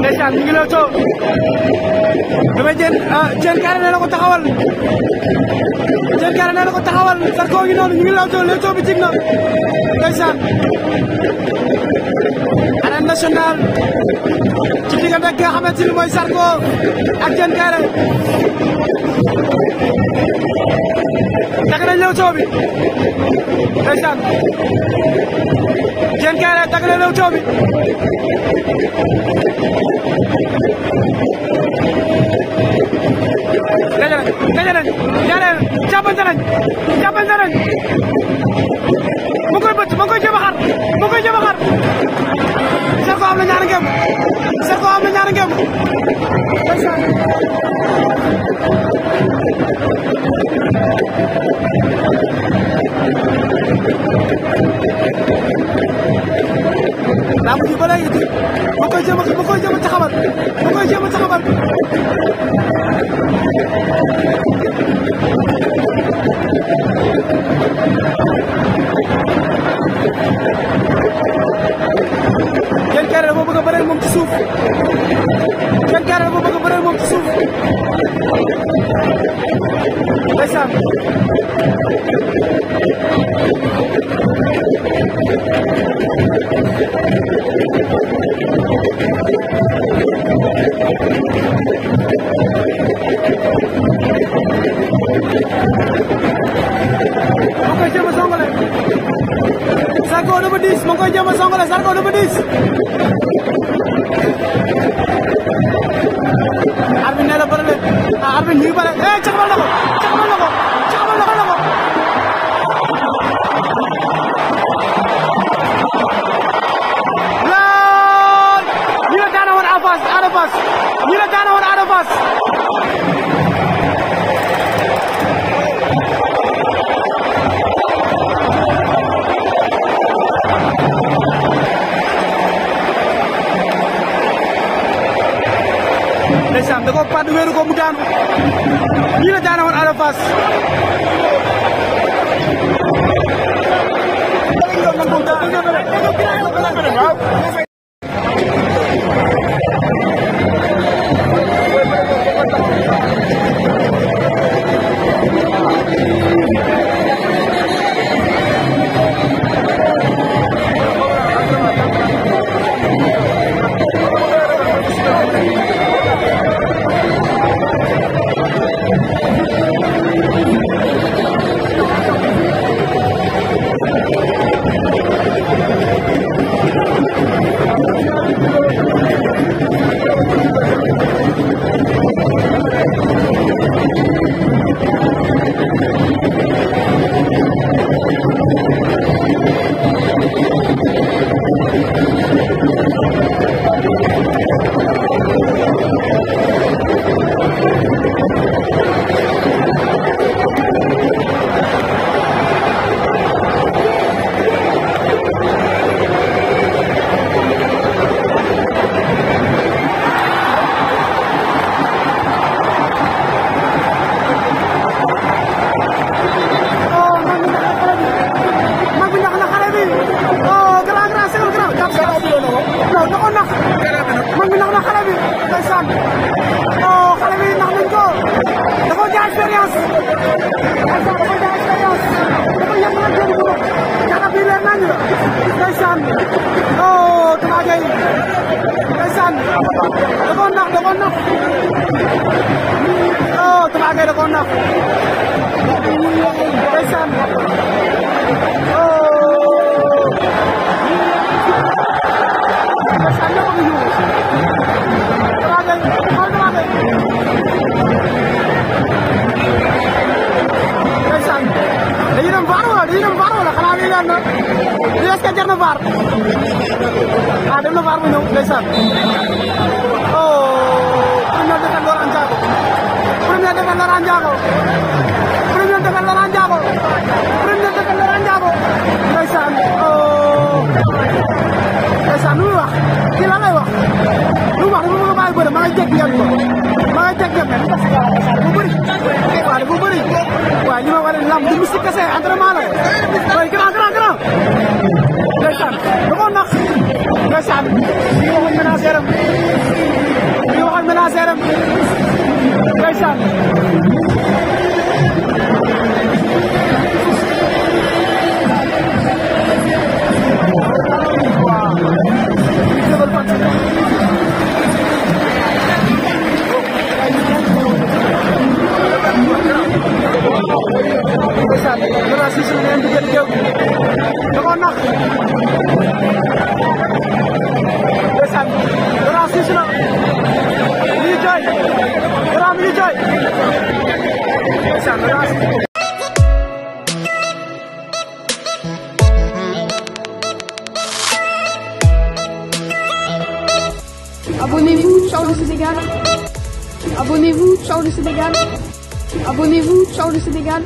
ndeysaan mi ngi lay too dama jën ah, jën kaare nee taxawal jën kaare nee na ko taxawal Zarko ngi noonu ñu ngi lay too lay too bi jig na ndeysaan arène nationale ci diggante ki nga xamante ni mooy Zarko ak jën kaare Leewtoo bi ndeysaan Diène Kairé dagg na Leewtoo bi daje nañ daje nañ ñaareel jàppante nañ Quem quer a bomba do barulho muito sufre? Quem quer a bomba do barulho muito sufre? Vai sabe? Thank 10 mu ngi koy jéem a songale Zarko Numbu 10 arbitre nee na bëri na ah arbitre ñu eh, ndeysaan da ko padd wéeru ko mu daanu ñii la daana woon Ada Fass Thank you. da ko nax da ko nax daan na lii est-ce nebar minum, na oh première defet Laurent Ndiago première defet Laurent Ndiago première defet Laurent jago. première defet Laurent Ndiago ndeysaan oh ndeysaan lu muy wax kii lan lay wax lu mu wax dafa bëgg a bàyyi bëre maa ngi teg ngeen ko maa ngi teg ngeen ko bu bëri waaw dafa waxtaan dama naq ndeysaan bii waxal ménagère am bii waxal ménagère am ndeysaan Gracias, Abonnez-vous, Charles de Sénégal. Abonnez-vous, Charles de Sénégal. Abonnez-vous, Charles de Sénégal.